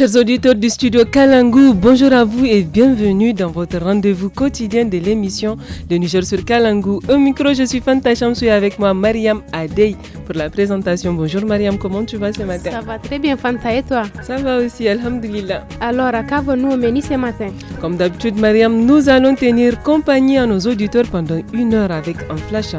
Chers auditeurs du studio Kalangu, bonjour à vous et bienvenue dans votre rendez-vous quotidien de l'émission de Niger sur Kalangu. Au micro, je suis Fanta Chamsou avec moi Mariam Adey pour la présentation. Bonjour Mariam, comment tu vas ce matin Ça va très bien Fanta et toi Ça va aussi, Alhamdulillah. Alors, à qu'avons-nous au menu ce matin Comme d'habitude Mariam, nous allons tenir compagnie à nos auditeurs pendant une heure avec un flash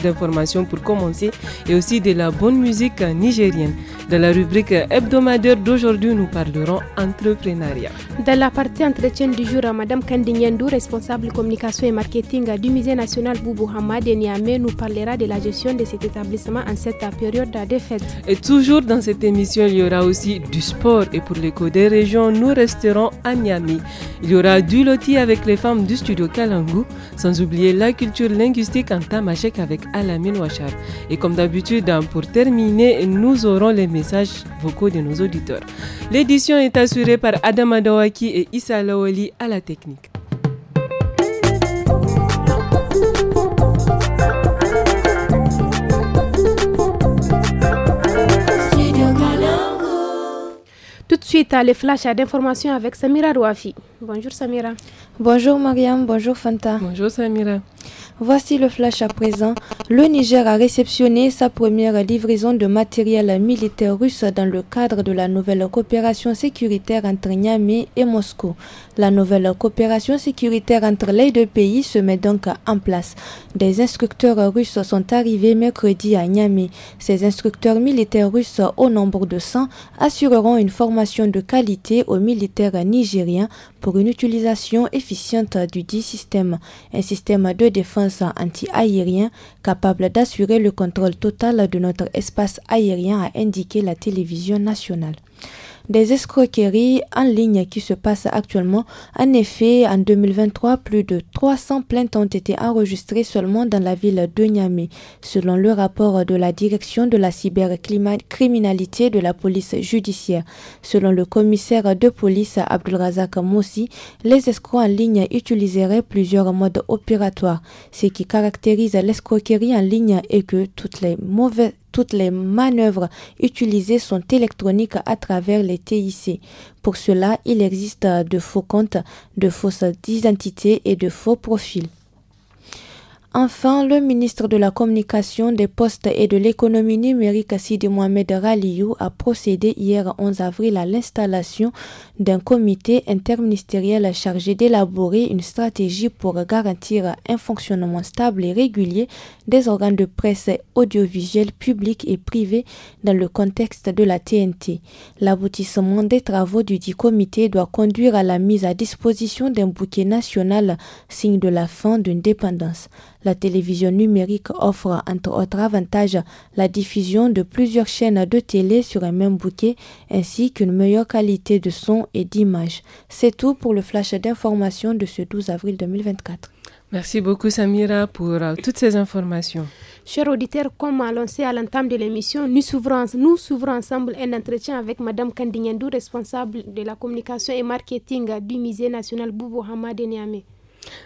d'informations pour commencer et aussi de la bonne musique nigérienne. Dans la rubrique hebdomadaire d'aujourd'hui, nous parlons entrepreneuriat. Dans la partie entretien du jour, Madame Kandinyendu, responsable communication et marketing du Musée national Boubou Hamad et Niamey, nous parlera de la gestion de cet établissement en cette période de défaite Et toujours dans cette émission, il y aura aussi du sport. Et pour l'écho des régions, nous resterons à Niamey. Il y aura du loti avec les femmes du studio Kalangu, sans oublier la culture linguistique en tamashek avec Alamine Ouachar. Et comme d'habitude, hein, pour terminer, nous aurons les messages vocaux de nos auditeurs. L'édition est assurée par Adam Adawaki et Issa Lawali à la technique. Tout de suite, à les flashs d'informations avec Samira Rouafi. Bonjour Samira. Bonjour Mariam, bonjour Fanta. Bonjour Samira. Voici le flash à présent. Le Niger a réceptionné sa première livraison de matériel militaire russe dans le cadre de la nouvelle coopération sécuritaire entre Niamey et Moscou. La nouvelle coopération sécuritaire entre les deux pays se met donc en place. Des instructeurs russes sont arrivés mercredi à Niamey. Ces instructeurs militaires russes au nombre de 100 assureront une formation de qualité aux militaires nigériens pour une utilisation efficiente du dit système, un système de défense anti-aérien capable d'assurer le contrôle total de notre espace aérien, a indiqué la télévision nationale des escroqueries en ligne qui se passent actuellement. En effet, en 2023, plus de 300 plaintes ont été enregistrées seulement dans la ville de Niamey, selon le rapport de la direction de la cybercriminalité de la police judiciaire. Selon le commissaire de police Abdulrazak Moussi, les escrocs en ligne utiliseraient plusieurs modes opératoires, ce qui caractérise l'escroquerie en ligne est que toutes les mauvaises toutes les manœuvres utilisées sont électroniques à travers les TIC. Pour cela, il existe de faux comptes, de fausses identités et de faux profils. Enfin, le ministre de la Communication, des Postes et de l'Économie numérique, Sidi Mohamed Raliou, a procédé hier 11 avril à l'installation d'un comité interministériel chargé d'élaborer une stratégie pour garantir un fonctionnement stable et régulier des organes de presse audiovisuels publics et privés dans le contexte de la TNT. L'aboutissement des travaux du dit comité doit conduire à la mise à disposition d'un bouquet national, signe de la fin d'une dépendance. La télévision numérique offre entre autres avantages la diffusion de plusieurs chaînes de télé sur un même bouquet ainsi qu'une meilleure qualité de son et d'image. C'est tout pour le flash d'information de ce 12 avril 2024. Merci beaucoup Samira pour euh, toutes ces informations. Chers auditeurs, comme annoncé à l'entame de l'émission, nous ouvrons ensemble un entretien avec Madame Kandignandou, responsable de la communication et marketing du Musée national Boubou Hamad Niamey.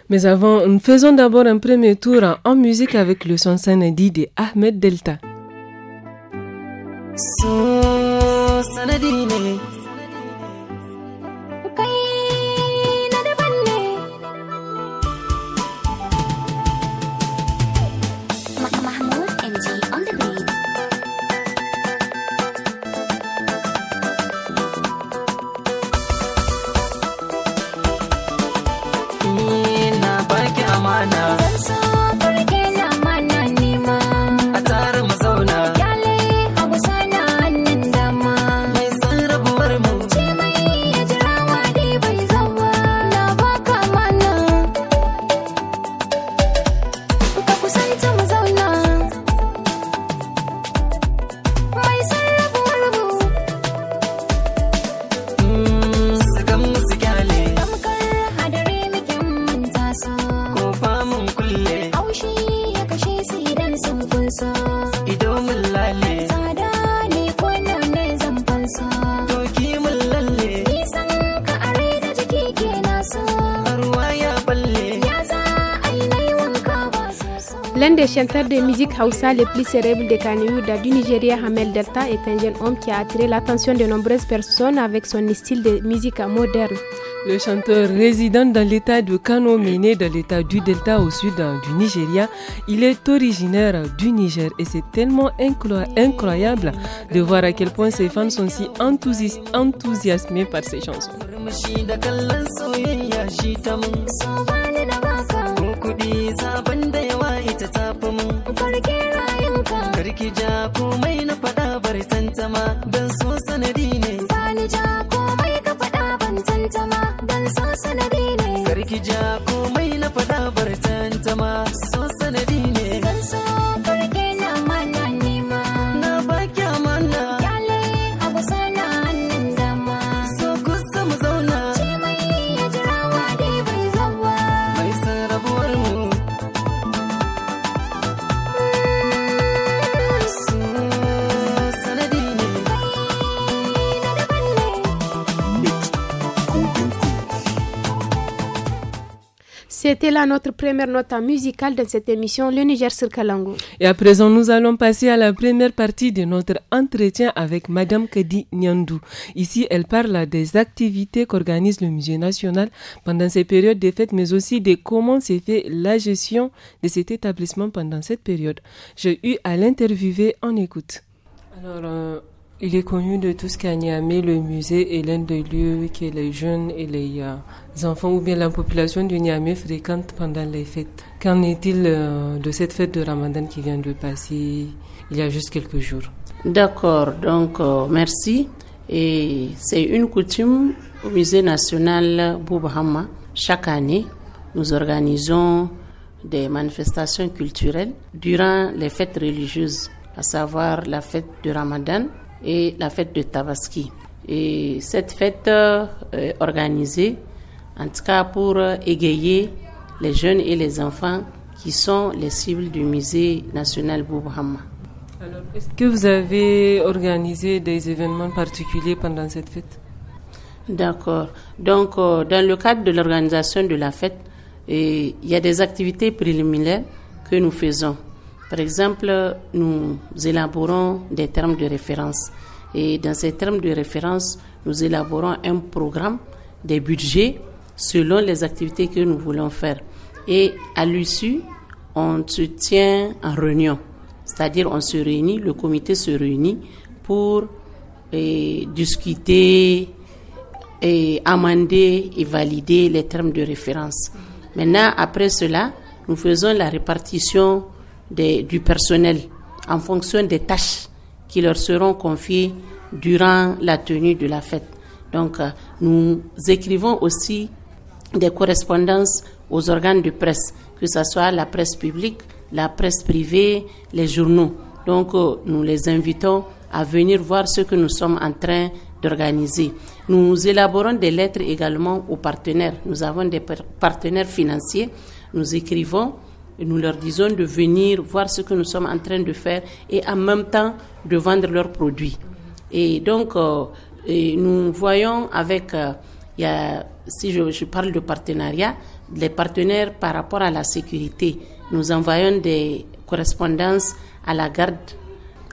Mais avant, nous faisons d'abord un premier tour en musique avec le son Sanadi de Ahmed Delta. chanteur de musique Hausa le plus célèbre de Kaniyuda du Nigeria, Hamel Delta, est un jeune homme qui a attiré l'attention de nombreuses personnes avec son style de musique moderne. Le chanteur résident dans l'état de Kano, né dans l'état du Delta au sud hein, du Nigeria, il est originaire du Niger et c'est tellement incroyable de voir à quel point ses fans sont si enthousiasmés par ses chansons. sarki rayuka. Karki ja komai na c'était là notre première note musicale dans cette émission Le Niger sur Kalango. Et à présent, nous allons passer à la première partie de notre entretien avec Madame Kedi Nyandou. Ici, elle parle des activités qu'organise le Musée national pendant ces périodes de fêtes, mais aussi de comment s'est fait la gestion de cet établissement pendant cette période. J'ai eu à l'interviewer. en écoute. Alors, euh, il est connu de tous qu'à Niamey, le musée est l'un des lieux que les jeunes et les, euh, enfants ou bien la population de Niamey fréquentent pendant les fêtes. Qu'en est-il euh, de cette fête de Ramadan qui vient de passer il y a juste quelques jours D'accord, donc euh, merci. Et c'est une coutume au musée national Boubahama. Chaque année, nous organisons des manifestations culturelles durant les fêtes religieuses, à savoir la fête de Ramadan et la fête de Tabaski. Et cette fête euh, est organisée, en tout cas pour égayer les jeunes et les enfants qui sont les cibles du musée national Boubhama. Alors, est-ce que vous avez organisé des événements particuliers pendant cette fête D'accord. Donc, euh, dans le cadre de l'organisation de la fête, il y a des activités préliminaires que nous faisons. Par exemple, nous élaborons des termes de référence. Et dans ces termes de référence, nous élaborons un programme, des budgets selon les activités que nous voulons faire. Et à l'issue, on se tient en réunion. C'est-à-dire, on se réunit, le comité se réunit pour discuter, et amender et valider les termes de référence. Maintenant, après cela, nous faisons la répartition du personnel en fonction des tâches qui leur seront confiées durant la tenue de la fête. Donc, euh, nous écrivons aussi des correspondances aux organes de presse, que ce soit la presse publique, la presse privée, les journaux. Donc, euh, nous les invitons à venir voir ce que nous sommes en train d'organiser. Nous élaborons des lettres également aux partenaires. Nous avons des partenaires financiers. Nous écrivons nous leur disons de venir voir ce que nous sommes en train de faire et en même temps de vendre leurs produits. Et donc, euh, nous voyons avec, euh, si je, je, parle de partenariat, les partenaires par rapport à la sécurité. Nous envoyons des correspondances à la garde,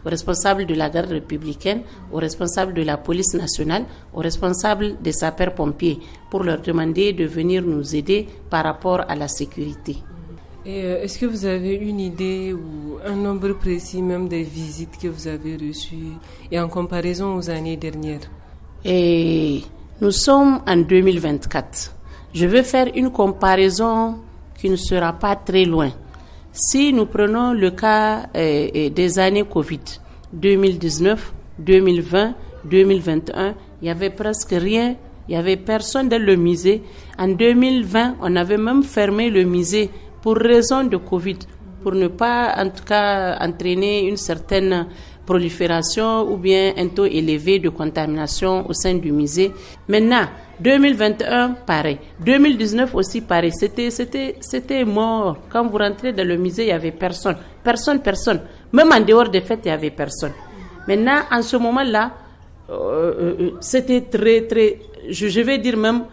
aux responsables de la garde républicaine, aux responsables de la police nationale, aux responsables des sapeurs-pompiers, pour leur demander de venir nous aider par rapport à la sécurité. Euh, est-ce que vous avez une idée ou un nombre précis même des visites que vous avez reçues et en comparaison aux années dernières Et nous sommes en 2024. Je veux faire une comparaison qui ne sera pas très loin. Si nous prenons le cas euh, euh, des années Covid 2019, 2020, 2021, il y avait presque rien, il y avait personne dans le musée. En 2020, on avait même fermé le musée pour raison de Covid, pour ne pas en tout cas entraîner une certaine prolifération ou bien un taux élevé de contamination au sein du musée. Maintenant, 2021, pareil. 2019 aussi, pareil. C'était, c'était, c'était mort. Quand vous rentrez dans le musée, il n'y avait personne. Personne, personne. Même en dehors des fêtes, il n'y avait personne. Maintenant, en ce moment-là, euh, euh, euh, c'était très, très, je vais dire même,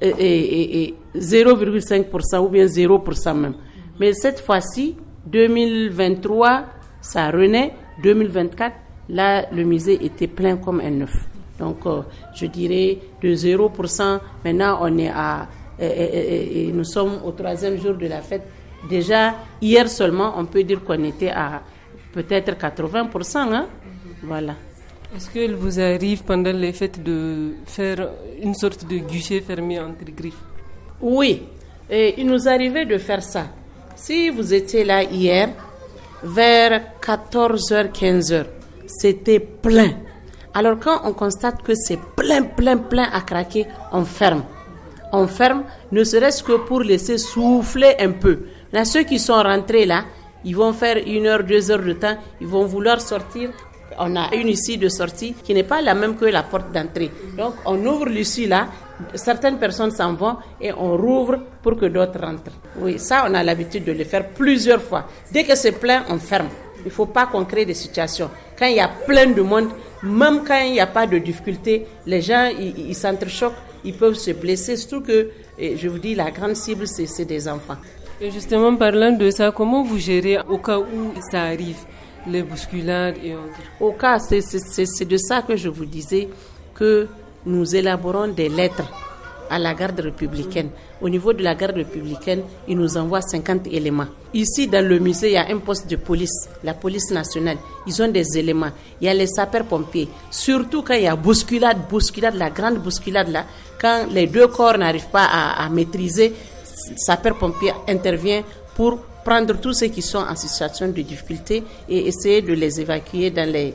et 0,5% ou bien 0% même. Mais cette fois-ci, 2023, ça renaît. 2024, là, le musée était plein comme un neuf. Donc, euh, je dirais de 0%. Maintenant, on est à. Et, nous sommes au troisième jour de la fête. Déjà, hier seulement, on peut dire qu'on était à peut-être 80%. Hein? Voilà. Est-ce qu'il vous arrive pendant les fêtes de faire une sorte de guichet fermé entre griffes Oui, et il nous arrivait de faire ça. Si vous étiez là hier, vers 14h, 15h, c'était plein. Alors quand on constate que c'est plein, plein, plein à craquer, on ferme. On ferme, ne serait-ce que pour laisser souffler un peu. Là, ceux qui sont rentrés là, ils vont faire une heure, deux heures de temps, ils vont vouloir sortir, on a une issue de sortie qui n'est pas la même que la porte d'entrée. Donc on ouvre l'issue là, certaines personnes s'en vont et on rouvre pour que d'autres rentrent. Oui, ça on a l'habitude de le faire plusieurs fois. Dès que c'est plein, on ferme. Il ne faut pas qu'on crée des situations. Quand il y a plein de monde, même quand il n'y a pas de difficulté, les gens ils s'entrechoquent, ils peuvent se blesser. Surtout que, je vous dis, la grande cible, c'est des enfants. Et justement, parlant de ça, comment vous gérez au cas où ça arrive les bousculades et autres. Au cas, c'est de ça que je vous disais que nous élaborons des lettres à la garde républicaine. Au niveau de la garde républicaine, ils nous envoient 50 éléments. Ici, dans le musée, il y a un poste de police, la police nationale. Ils ont des éléments. Il y a les sapeurs-pompiers. Surtout quand il y a bousculade, bousculade, la grande bousculade là, quand les deux corps n'arrivent pas à, à maîtriser, sapeurs-pompiers intervient pour prendre tous ceux qui sont en situation de difficulté et essayer de les évacuer dans les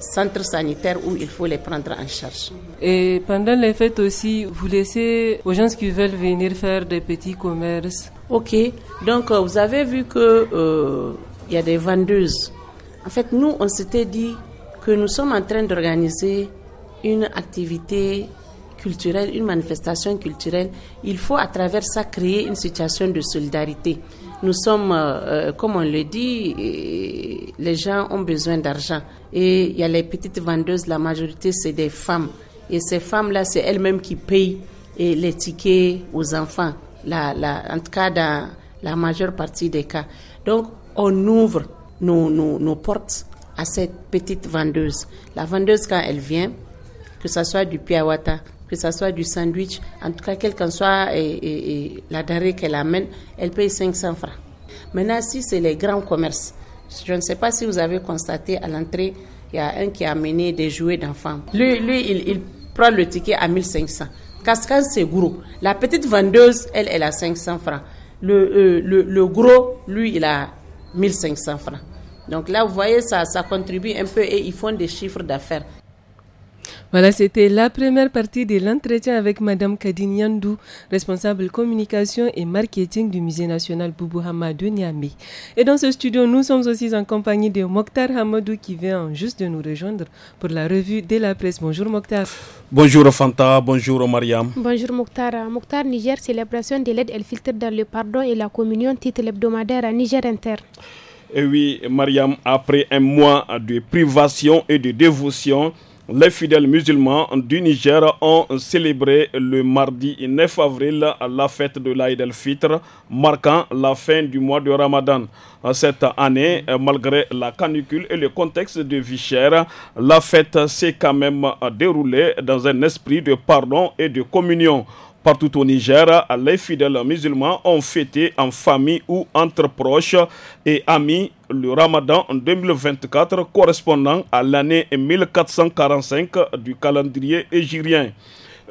centres sanitaires où il faut les prendre en charge. Et pendant les fêtes aussi, vous laissez aux gens qui veulent venir faire des petits commerces. Ok, donc euh, vous avez vu que euh, il y a des vendeuses. En fait, nous, on s'était dit que nous sommes en train d'organiser une activité culturelle, une manifestation culturelle, il faut à travers ça créer une situation de solidarité. Nous sommes, euh, euh, comme on le dit, euh, les gens ont besoin d'argent. Et il y a les petites vendeuses, la majorité c'est des femmes. Et ces femmes-là, c'est elles-mêmes qui payent les tickets aux enfants, la, la, en tout cas dans la majeure partie des cas. Donc, on ouvre nos, portes à cette petite vendeuse. La vendeuse, quand elle vient, que ce soit du Piawata, que ce soit du sandwich, en tout cas, quelle qu'en soit et, la denrée qu'elle amène, elle paye 500 francs. Maintenant, si c'est les grands commerces, je ne sais pas si vous avez constaté à l'entrée, il y a un qui a amené des jouets d'enfants. Lui, lui il, prend le ticket à 1500. Cascade, c'est gros. La petite vendeuse, elle, elle a 500 francs. Le, euh, le, le, gros, lui, il a 1500 francs. Donc là, vous voyez, ça, ça contribue un peu et ils font des chiffres d'affaires. Voilà, c'était la première partie de l'entretien avec Madame Kadine Yandou, responsable communication et marketing du Musée national Boubou Hamadou Niamey. Et dans ce studio, nous sommes aussi en compagnie de Mokhtar Hamadou qui vient juste de nous rejoindre pour la revue de la presse. Bonjour Mokhtar. Bonjour Fanta, bonjour Mariam. Bonjour Mokhtar. Mokhtar Niger, célébration de l'aide, elle filtre dans le pardon et la communion, titre hebdomadaire à Niger Inter. Et eh oui, Mariam, après un mois de privation et de dévotion, les fidèles musulmans du Niger ont célébré le mardi 9 avril la fête de l'Aïd el-Fitr, marquant la fin du mois de Ramadan. Cette année, malgré la canicule et le contexte de vie la fête s'est quand même déroulée dans un esprit de pardon et de communion. Partout au Niger, les fidèles musulmans ont fêté en famille ou entre proches et amis le Ramadan en 2024 correspondant à l'année 1445 du calendrier égyrien.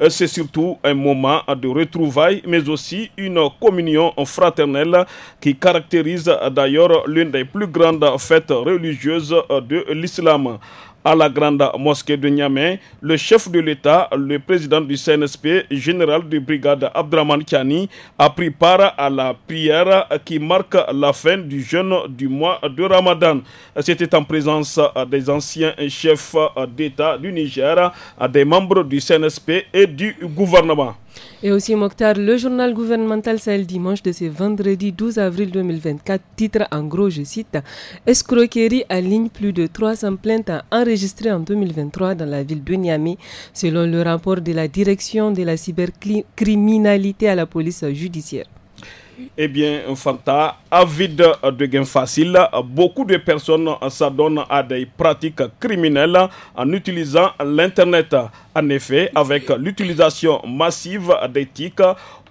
Euh, c'est surtout un moment de retrouvailles, mais aussi une communion fraternelle qui caractérise d'ailleurs l'une des plus grandes fêtes religieuses de l'islam à la grande mosquée de Niamey, le chef de l'État, le président du CNSP, général de brigade Abdraman Kiani, a pris part à la prière qui marque la fin du jeûne du mois de Ramadan. C'était en présence des anciens chefs d'État du Niger, des membres du CNSP et du gouvernement. Et aussi, Mokhtar, le journal gouvernemental Sahel dimanche de ce vendredi 12 avril 2024 titre en gros, je cite, Escroquerie aligne plus de 300 plaintes enregistrées en 2023 dans la ville de Niamey, selon le rapport de la direction de la cybercriminalité à la police judiciaire. Eh bien, Fanta, avide de gains faciles, beaucoup de personnes s'adonnent à des pratiques criminelles en utilisant l'Internet. En effet, avec l'utilisation massive d'éthique,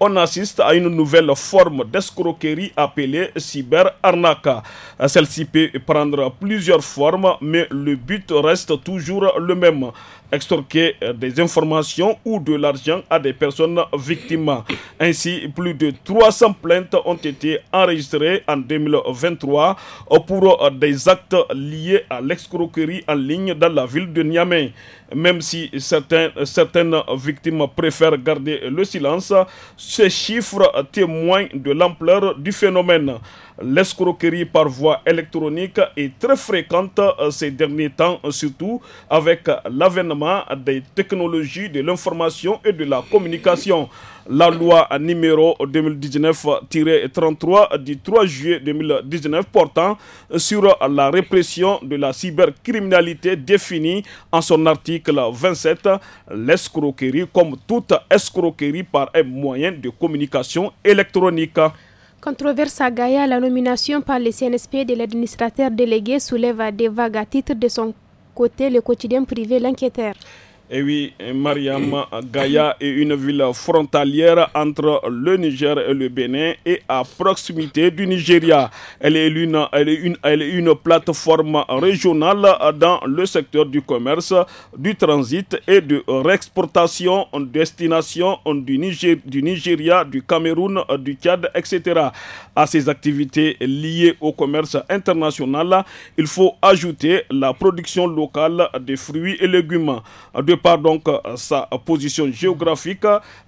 on assiste à une nouvelle forme d'escroquerie appelée cyber-arnaque. Celle-ci peut prendre plusieurs formes, mais le but reste toujours le même extorquer des informations ou de l'argent à des personnes victimes. Ainsi, plus de 300 plaintes ont été enregistrées en 2023 pour des actes liés à l'escroquerie en ligne dans la ville de Niamey. Même si cette certaines victimes préfèrent garder le silence. Ces chiffres témoignent de l'ampleur du phénomène. L'escroquerie par voie électronique est très fréquente euh, ces derniers temps, surtout avec l'avènement des technologies de l'information et de la communication la loi numéro 2019-33 du 3 juillet 2019 portant sur la répression de la cybercriminalité définie en son article 27 l'escroquerie comme toute escroquerie par un moyen de communication électronique. Controverse à Gaïa, la nomination par le CNSP de l'administrateur délégué soulève des vagues à titre de son côté le quotidien privé l'inquiétaire. Et eh oui, Mariam Gaïa est une ville frontalière entre le Niger et le Bénin et à proximité du Nigeria. Elle est une, elle est une, plateforme régionale dans le secteur du commerce, du transit et de réexportation en destination du, Nigeria, du Cameroun, du Tchad, etc. À ces activités liées au commerce international, il faut ajouter la production locale des fruits et légumes par donc euh, sa position géographique,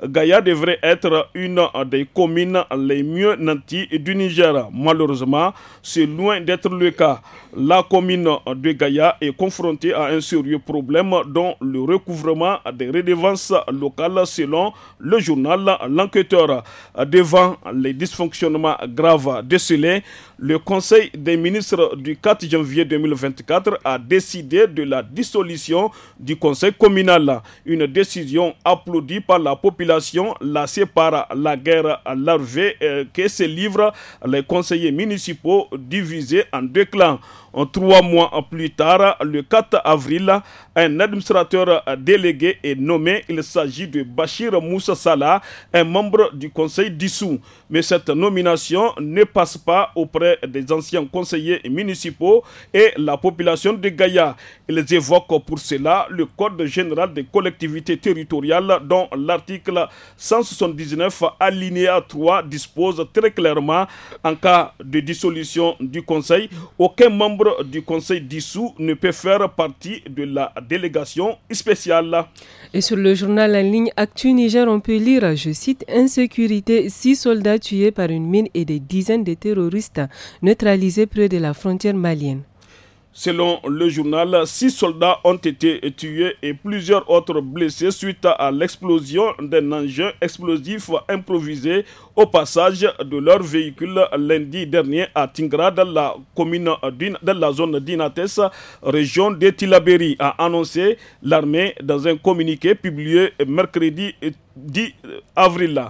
Gaïa devrait être une des communes les mieux nanties du Niger. Malheureusement, c'est loin d'être le cas. La commune de Gaïa est confrontée à un sérieux problème dont le recouvrement des redevances locales selon le journal L'Enquêteur. Devant les dysfonctionnements graves décelés, le Conseil des ministres du 4 janvier 2024 a décidé de la dissolution du Conseil communal. Une décision applaudie par la population lassée par la guerre à larvée euh, que se livrent les conseillers municipaux divisés en deux clans. Trois mois plus tard, le 4 avril, un administrateur délégué est nommé. Il s'agit de Bachir Moussa Salah, un membre du conseil dissous. Mais cette nomination ne passe pas auprès des anciens conseillers municipaux et la population de Gaïa. Ils évoquent pour cela le Code général des collectivités territoriales dont l'article 179 alinéa 3 dispose très clairement en cas de dissolution du conseil, aucun membre du Conseil dissous ne peut faire partie de la délégation spéciale. Et sur le journal en ligne Actu Niger, on peut lire, je cite, Insécurité, six soldats tués par une mine et des dizaines de terroristes neutralisés près de la frontière malienne. Selon le journal, six soldats ont été tués et plusieurs autres blessés suite à l'explosion d'un engin explosif improvisé au passage de leur véhicule lundi dernier à Tingra, la, commune de la zone d'Inates, région de Tilaberi, a annoncé l'armée dans un communiqué publié mercredi 10 avril.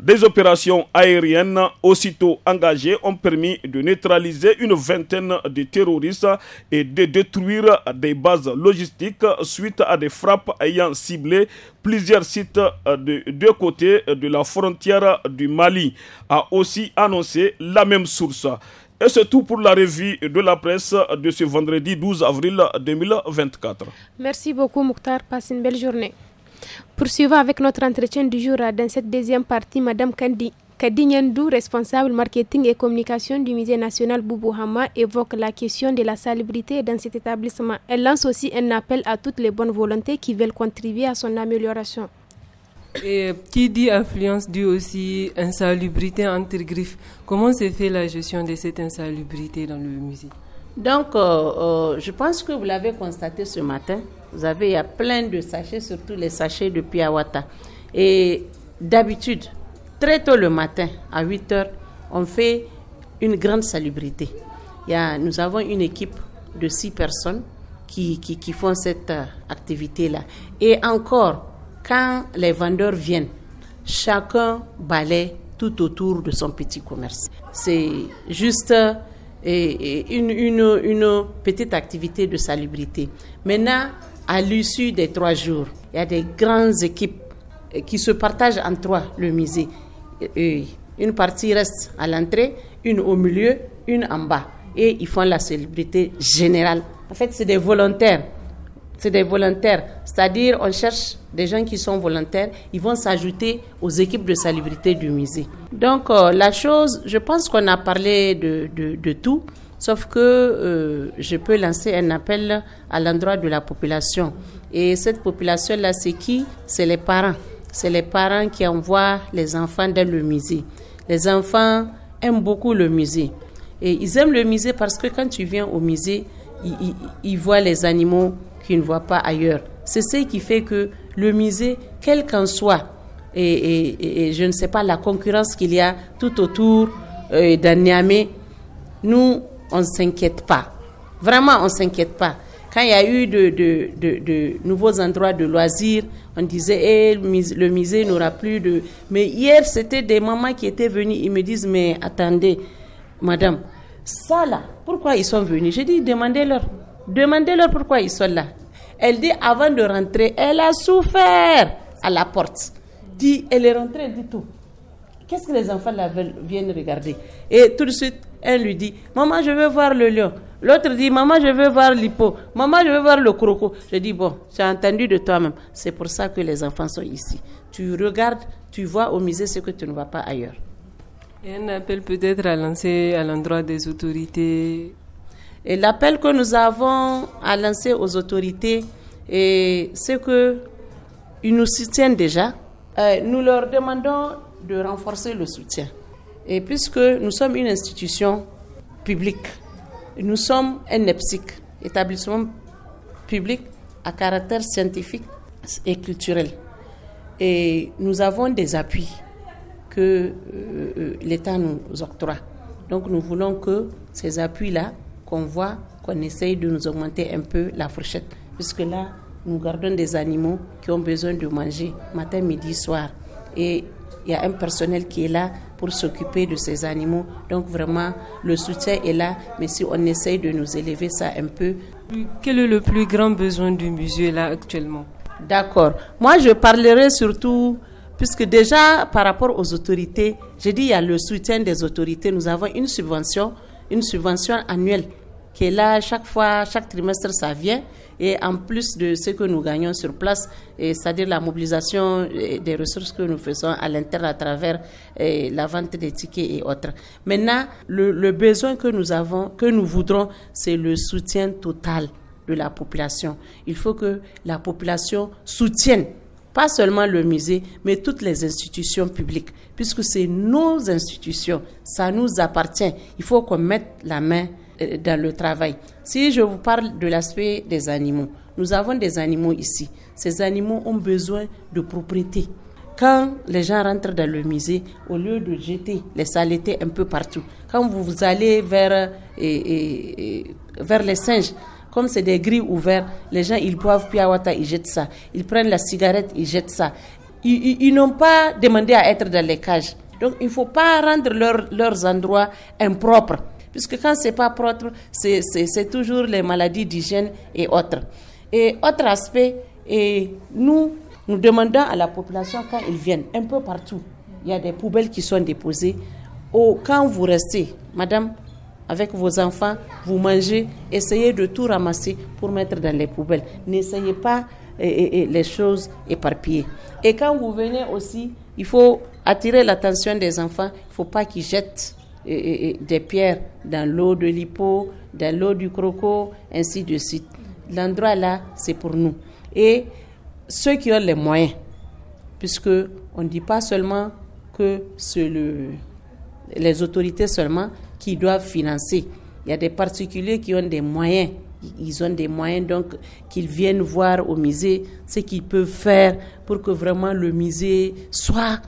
Des opérations aériennes aussitôt engagées ont permis de neutraliser une vingtaine de terroristes et de détruire des bases logistiques suite à des frappes ayant ciblé plusieurs sites de deux côtés de la frontière du Mali, a aussi annoncé la même source. Et c'est tout pour la revue de la presse de ce vendredi 12 avril 2024. Merci beaucoup Mouktar, passe une belle journée. Poursuivons avec notre entretien du jour euh, dans cette deuxième partie, Madame Kandi. responsable marketing et communication du musée national Boubouhama, évoque la question de la salubrité dans cet établissement. Elle lance aussi un appel à toutes les bonnes volontés qui veulent contribuer à son amélioration. Et qui dit affluence dit aussi insalubrité entre griffes. Comment se fait la gestion de cette insalubrité dans le musée Donc, euh, euh, je pense que vous l'avez constaté ce matin, vous avez, il y a plein de sachets, surtout les sachets de Piawata. Et d'habitude, très tôt le matin, à 8 heures, on fait une grande salubrité. Il y a, nous avons une équipe de 6 personnes qui, qui, qui font cette euh, activité-là. Et encore, quand les vendeurs viennent, chacun balaye tout autour de son petit commerce. C'est juste euh, une, une, une petite activité de salubrité. Maintenant, à l'issue des trois jours, il y a des grandes équipes euh, qui se partagent en trois le musée. Une partie reste à l'entrée, une au milieu, une en bas. Et ils font la célébrité générale. En fait, c'est des volontaires. C'est des volontaires. C'est-à-dire, on cherche des gens qui sont volontaires. Ils vont s'ajouter aux équipes de célébrité du musée. Donc, euh, la chose, je pense qu'on a parlé de, de tout. Sauf que euh, je peux lancer un appel à l'endroit de la population. Et cette population-là, c'est qui C'est les parents. C'est les parents qui envoient les enfants dans le musée. Les enfants aiment beaucoup le musée. Et ils aiment le musée parce que quand tu viens au musée, ils, voient les animaux qu'ils ne voient pas ailleurs. C'est ce qui fait que le musée, quel qu'en soit, et, je ne sais pas la concurrence qu'il y a tout autour euh, nous, on ne s'inquiète pas. Vraiment, on ne s'inquiète pas. Quand il y a eu de, nouveaux endroits de loisirs, on disait eh, le musée n'aura plus de. Mais hier, c'était des mamans qui étaient venues. Ils me disent Mais attendez, madame, ça là, pourquoi ils sont venus J'ai dit Demandez-leur. Demandez-leur pourquoi ils sont là. Elle dit Avant de rentrer, elle a souffert à la porte. Dit, elle est rentrée, du tout. Qu'est-ce que les enfants viennent regarder Et tout de suite, un lui dit Maman, je veux voir le lion. L'autre dit Maman, je veux voir l'hippo. Maman, je veux voir le croco. Je dis Bon, j'ai entendu de toi-même. C'est pour ça que les enfants sont ici. Tu regardes, tu vois au musée ce que tu ne vois pas ailleurs. a un appel peut-être à lancer à l'endroit des autorités Et l'appel que nous avons à lancer aux autorités, c'est qu'ils nous soutiennent déjà. Euh, nous leur demandons de renforcer le soutien. Et puisque nous sommes une institution publique, nous sommes un EPSIC, établissement public à caractère scientifique et culturel. Et nous avons des appuis que euh, euh, l'État nous octroie. Donc nous voulons que ces appuis-là, qu'on voit, qu'on essaye de nous augmenter un peu la fourchette. Puisque là, nous gardons des animaux qui ont besoin de manger matin, midi, soir. Et il y a un personnel qui est là pour s'occuper de ces animaux. Donc vraiment, le soutien est là, mais si on essaye de nous élever ça un peu. Quel est le plus grand besoin du musée là actuellement D'accord. Moi, je parlerai surtout puisque déjà par rapport aux autorités, j'ai dit il y a le soutien des autorités. Nous avons une subvention, une subvention annuelle qui est là chaque fois, chaque trimestre ça vient et en plus de ce que nous gagnons sur place, c'est-à-dire la mobilisation des ressources que nous faisons à l'intérieur à travers la vente des tickets et autres. Maintenant, le, le besoin que nous avons, que nous voudrons, c'est le soutien total de la population. Il faut que la population soutienne pas seulement le musée, mais toutes les institutions publiques, puisque c'est nos institutions, ça nous appartient. Il faut qu'on mette la main euh, dans le travail. Si je vous parle de l'aspect des animaux, nous avons des animaux ici. Ces animaux ont besoin de propriété. Quand les gens rentrent dans le musée, au lieu de jeter les saletés un peu partout, quand vous allez vers, euh, vers les singes, comme c'est des grilles ouvertes, les gens ils boivent piawata, ils jettent ça. Ils prennent la cigarette, ils jettent ça. Ils, n'ont pas demandé à être dans les cages. Donc il ne faut pas rendre leurs endroits impropres. Puisque quand c'est pas propre, c'est toujours les maladies d'hygiène et autres. Et autre aspect, nous, nous demandons à la population quand ils viennent, un peu partout, il y a des poubelles qui sont déposées. quand vous restez, madame, avec vos enfants, vous mangez, essayez de tout ramasser pour mettre dans les poubelles. N'essayez pas les choses éparpillées. Et quand vous venez aussi, il faut attirer l'attention des enfants, il ne faut pas qu'ils jettent des pierres dans l'eau de l'Hippo, dans l'eau du Croco, ainsi de suite. L'endroit là, c'est pour nous. Et ceux qui ont les moyens, puisque on ne dit pas seulement que c'est les autorités seulement qui doivent financer. Il y a des particuliers qui ont des moyens. Ils ont des moyens, donc qu'ils viennent voir au musée ce qu'ils peuvent faire pour que vraiment le musée soit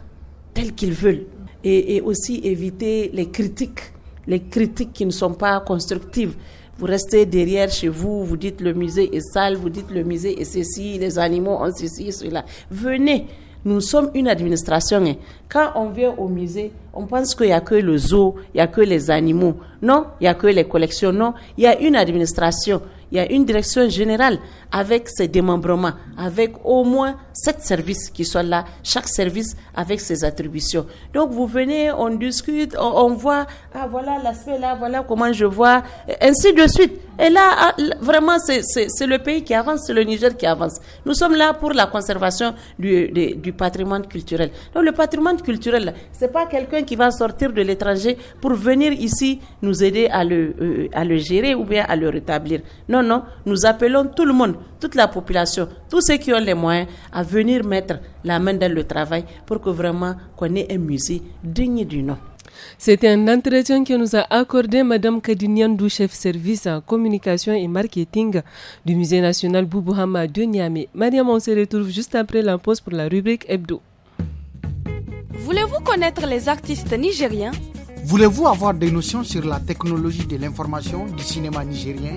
tel qu'ils veulent et, aussi éviter les critiques, les critiques qui ne sont pas constructives. Vous restez derrière chez vous, vous dites le musée est sale, vous dites le musée est ceci, les animaux ont ceci, cela. Venez, nous sommes une administration. Hein. Quand on vient au musée, on pense qu'il n'y a que le zoo, il n'y a que les animaux. Non, il n'y a que les collections. Non, il y a une administration, il y a une direction générale avec ses démembrements, avec au moins sept services qui sont là, chaque service avec ses attributions. Donc vous venez, on discute, on, voit, ah voilà l'aspect là, voilà comment je vois, ainsi de suite. Et là, ah, vraiment, c'est le pays qui avance, c'est le Niger qui avance. Nous sommes là pour la conservation du, du, patrimoine culturel. Donc le patrimoine culturel, c'est pas quelqu'un qui va sortir de l'étranger pour venir ici nous aider à le, euh, à le gérer ou bien à le rétablir. Non, non, nous appelons tout le monde, toute la population, tous ceux qui ont les moyens à venir mettre la main dans le travail pour que vraiment qu'on ait un musée digne du nom. C'était un entretien que nous a accordé Madame Kadiniandou, chef service en communication et marketing du Musée national Boubouhama de Niamey. Mariam, on se retrouve juste après la pause pour la rubrique Hebdo. Voulez-vous connaître les artistes nigériens Voulez-vous avoir des notions sur la technologie de l'information du cinéma nigérien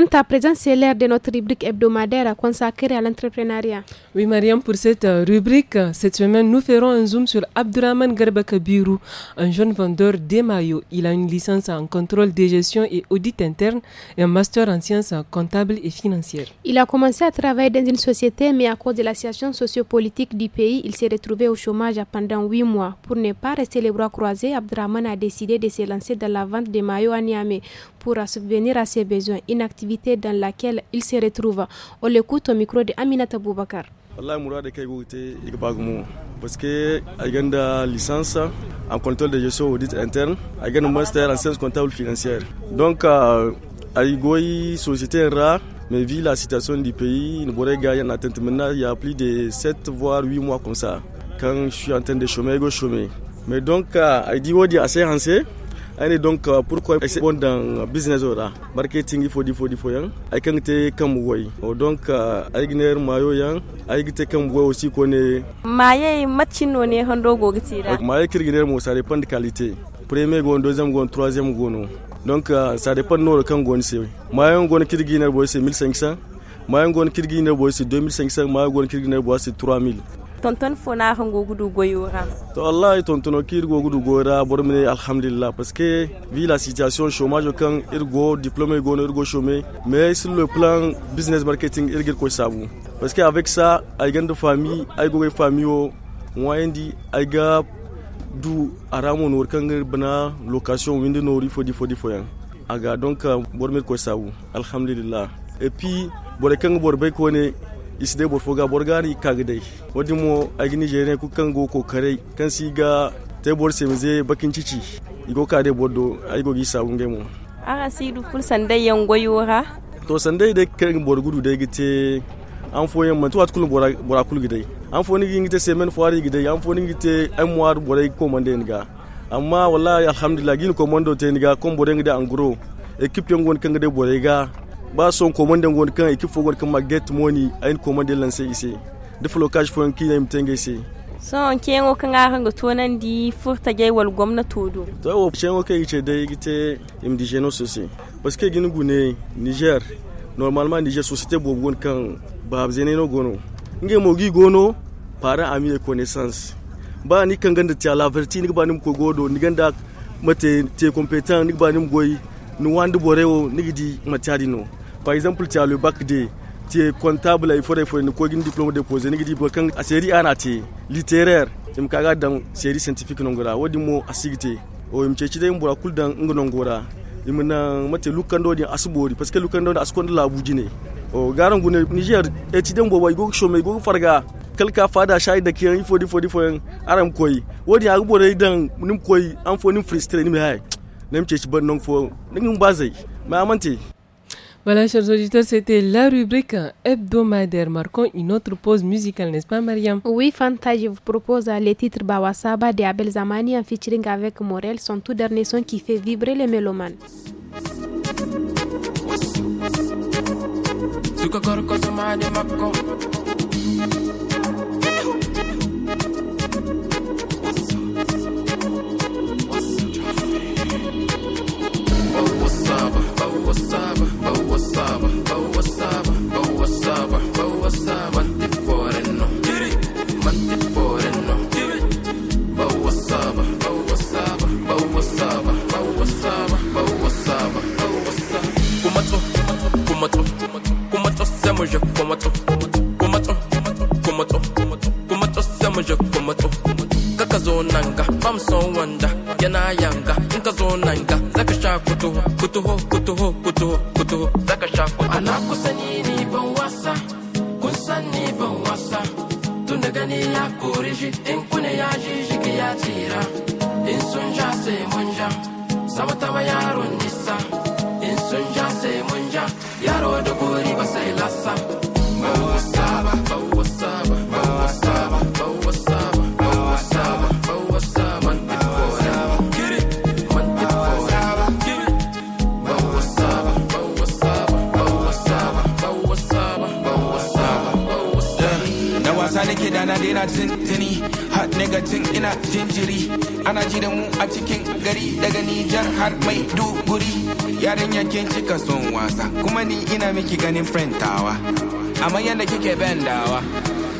Quant à présence, c'est l'heure de notre rubrique hebdomadaire consacrée à l'entrepreneuriat. Oui, Mariam, pour cette euh, rubrique, euh, cette semaine, nous ferons un zoom sur Abdurrahman Garba Kabirou, un jeune vendeur des maillots. Il a une licence en contrôle de gestion et audit interne et un master en sciences comptables et financières. Il a commencé à travailler dans une société, mais à cause de la situation sociopolitique du pays, il s'est retrouvé au chômage pendant huit mois. Pour ne pas rester les bras croisés, Abdurrahman a décidé de se lancer dans la vente des maillots à Niamey pour subvenir à ses besoins, une activité dans laquelle il se retrouve. On l'écoute au micro de Aminata Boubakar. wallahi mura da kai parce que que a une licence en contrôle de gestion audit interne a ganda master en sciences comptables financières donc euh, a une société rare, mais vu la situation du pays Nborega y en attente maintenant il y a plus de 7 voire 8 mois comme ça quand je suis en train de chômer go chômer mais donc euh, a une a assez renseigné ani donc euh, pourquoi c'est bon dans business ora marketing il faut di faut di faut yang ay kan te kam woy donc euh, ay gner mayo yang ay gite kam woy aussi kone maye matchino ne hando go gitira maye kirginer mo sare de qualité premier go deuxième go troisième go no donc euh, ça dépend no kan go ni se mayo go kirginer boy c'est 1500 mayo go kirginer boy c'est 2500 mayo go kirginer boy c'est 3000 tonton fona hango gudu goyora to wallahi tonton go goyora alhamdulillah parce que vu la situation chômage kan irgo diplômé go chômé mais sur le plan business marketing irgo ko sabu parce que avec ça ay gande famille ay famille o ay ga du aramo no location windi no ri fodi aga donc euh, bormir ko alhamdulillah et puis bore kan borbe ko isi dai borfoga wadi kagdai wadimo agini jere kan go kokare kan si siga tebor semze bakin cici igo ka dai bodo aigo gi sabun gemo aga sidu kul sandai goyo ha to sandai dai kan borgudu dai gite an foyen man tuwat kul bora kul gidai an foni gite semen fuari gidai an foni gite amwar borai ko mande nga amma wallahi alhamdulillah gin ko mondo te nga da an ngida angro equipe yangon kan gidai borai ga ba son commande ngon kan équipe fo kan ma get money ayin commande lancé ici de cash fo ki yam tenge ici son kengo kan ga kan to nan di furta gay wal gomna todo to o ngo kai ce dai gite im di jeno sosai parce que gin gune Niger normalement Niger société bo gon kan ba zene no gono nge mo gi gono para ami connaissance ba ni kan ganda ti ala verti ni ba ni ko godo ni ganda mate te compétent ni ba ni goyi ni wandi borewo ni gidi matadi no par exemple tu as le bac D tu es comptable il faut il faut quoi une diplôme déposé nigi diplôme quand a série ana te littéraire tu me kaga dans série scientifique nongora wodi mo asigite o im ceci dai mbura kul dan ngonongora imna mate lukando ni asbori parce que lukando ni askon la bujine o garan gune Niger e eh, ci dan bobai go shome go farga kalka fada shayi da kiyan ifo difo difo yan aram koyi wodi a gbore dan nim koyi an fo nim freestyle nim hay nem ceci ban non fo nim bazai ma amante Voilà, chers auditeurs, c'était la rubrique hebdomadaire. Marquons une autre pause musicale, n'est-ce pas, Mariam Oui, Fanta, je vous propose les titres Bawasaba de Abel Zamani en featuring avec Morel, son tout dernier son qui fait vibrer les mélomanes. wassaba, bau wassaba, bau wassaba, bau wassaba, ti foreno, giri, manti foreno, giri, bau wassaba, bau wassaba, bau wassaba, bau wassaba, bau wassaba, bau wassaba. wanda, yana yanga, inka zo nanga, zaka sha kutuho, kutuho, kutuho, kutuho. fito zaka sha ana kusani ni ban wasa kun san ni ban wasa tun da gani ya kore shi in kuna ya ji shi ya tira in sun ja sai mun ja sama taba yaron nisa in sun ja sai mun ja yaro da gori ba sai lasa ba wasa ba daina jin jini hot nigga jin ina jinjiri ana ji da mu a cikin gari daga nijar har mai duguri yarinya kin cika son wasa kuma ni ina miki ganin tawa amma yanda kike bendawa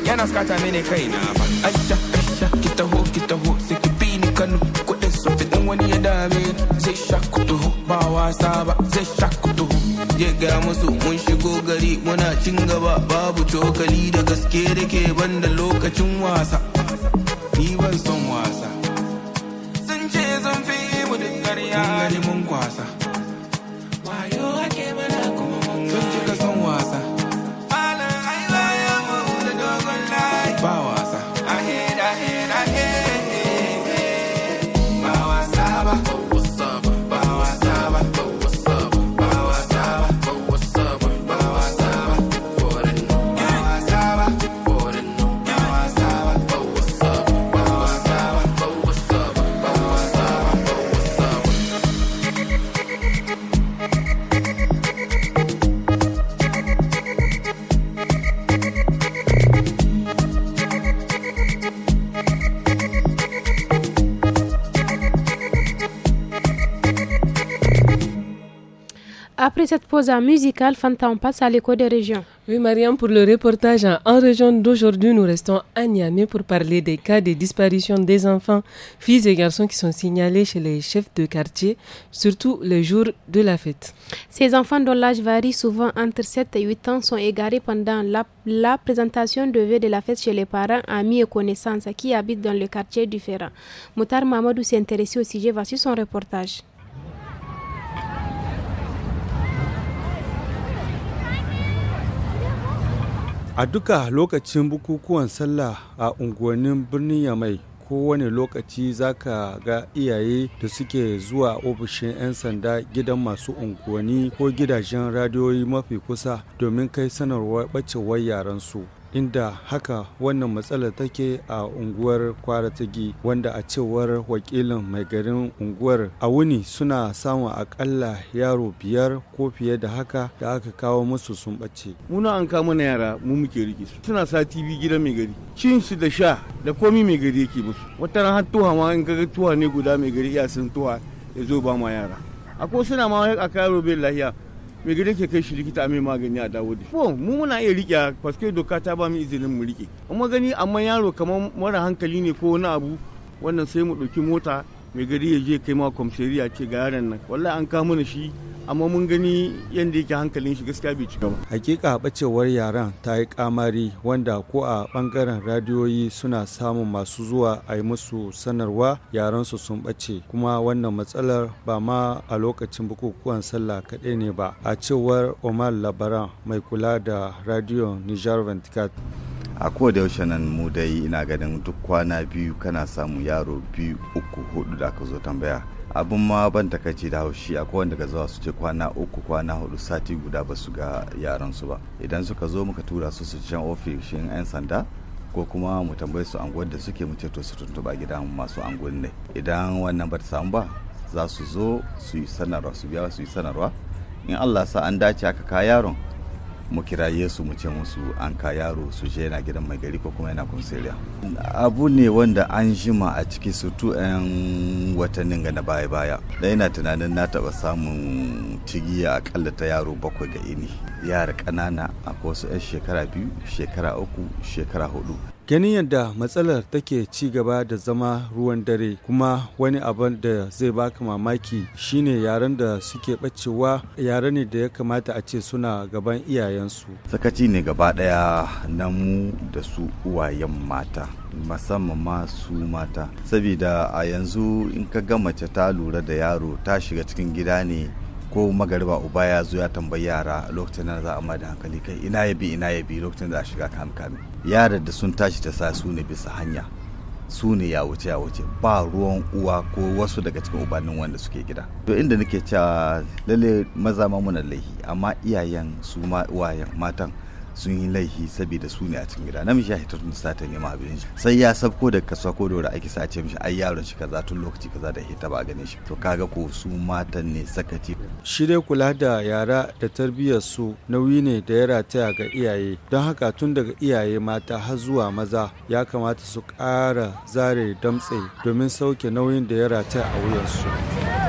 yana skata mini kaina ba aisha aisha ki taho ki taho sai ki kanu kudin su fitin wani ya dame zai sha kutuhu ba wasa ba zai sha kutuhu jijjiga musu mun shigo gari muna cin gaba babu cokali da gaske da ke banda lokacin wasa ni ban son wasa sun ce sun fi mu duk ƙarya mun kwasa cette pause musicale, Fanta, passe à l'écho des régions. Oui, Marianne, pour le reportage hein. en région d'aujourd'hui, nous restons à Niamey pour parler des cas de disparition des enfants, filles et garçons qui sont signalés chez les chefs de quartier, surtout le jour de la fête. Ces enfants dont l'âge varie souvent entre 7 et 8 ans sont égarés pendant la, présentation de vœux de la fête chez les parents, amis et connaissances qui habitent dans le quartier différent. Moutar Mamadou s'est intéressé au sujet, voici son reportage. A duka lokacin bukukuwan sallah a unguwannin birnin Yamai kowane lokaci zaka ga iyaye da suke zuwa ofishin 'yan sanda gidan masu unguwanni ko gidajen radiyoyi mafi kusa domin kai sanarwar bacewar yaransu inda haka wannan matsalar take a unguwar kwaratagi wanda a cewar wakilin mai garin unguwar a wuni suna samun akalla yaro biyar ko fiye da haka da aka kawo musu sun bace muna an kama na yara mu muke rike su suna sa tv gidan mai gari cin su da sha da komi mai gari yake musu wata ran har ma in kaga tuwa ne guda mai gari iya sun tuwa ya zo ba ma yara akwai suna ma a karo bin lahiya mai gida ke kai shi likita mai magani a dawo da ko mu muna iya rike paske doka ta ba mu izinin mu rike amma gani amma yaro kamar mara hankali ne ko wani abu wannan sai mu ɗauki mota mai gari ya je kai ma kwamshariya ce ga yaron nan wallahi an kawo mana shi amma mun gani yadda yake hankalin shi gaskiya bai cika ba hakika bacewar yaran ta yi kamari wanda ko a bangaren radiyoyi suna samun masu zuwa a yi musu sanarwa yaran su sun bace kuma wannan matsalar ba ma a lokacin bukukuwan sallah kaɗai ne ba a cewar omar labaran mai kula da radiyo nijar 24 a da yaushe nan mu dai ina ganin duk kwana biyu kana samu yaro biyu uku hudu da aka zo tambaya abin ma ban takaici da haushi a kowanne daga zuwa su ce kwana uku kwana hudu sati guda ba su ga yaran su ba idan suka zo muka tura su su can ofishin 'yan sanda ko kuma mu tambaye su anguwar da suke mu to su tuntuba gidan masu anguwar ne idan wannan ba ta samu ba za su zo su yi sanarwa su biya su yi sanarwa in allah sa an dace aka ka yaron mu kira yesu mu ce musu an ka yaro su je yana gidan mai gari ko kuma yana kunsiriya abu ne wanda an jima a ciki su yan watannin ga na baya baya da yana tunanin na taba samun cigiya akalla ta yaro bakwai ga ini yara ƙanana a wasu 'yan shekara biyu shekara uku shekara hudu Ganin yadda matsalar take ci gaba da zama ruwan dare kuma wani abin da zai baka mamaki shine yaren da suke bacewa yare ne da ya kamata a ce suna gaban iyayensu. Sakaci ne gaba ɗaya na mu da su uwayen mata. musamman ma su mata saboda a yanzu in ka ga mace ta lura da yaro ta shiga cikin gida ne ko magariba uba ya zo ya tambayi yara lokacin da za a mai da hankali kai ina ya bi ina ya bi lokacin da a shiga kam kame yara da sun tashi ta sa su ne bisa hanya su ne ya wuce ya wuce ba ruwan uwa ko wasu daga cikin ubanin wanda suke gida to inda nake cewa lalle maza ma muna laifi amma iyayen su ma uwayen matan sun yi laihi saboda su ne a cikin gida na mishi ya hita tun satan yamma abin shi sai ya sabko da kasuwa ko dora ake ce mishi ai yaron shi kaza tun lokaci kaza da hita ba a ganin shi to kaga ko su matan ne sakaci shi dai kula da yara da tarbiyyar su nauyi ne da ya rataya ga iyaye don haka tun daga iyaye mata har zuwa maza ya kamata su ƙara zare damtse domin sauke nauyin da ya rataya a su.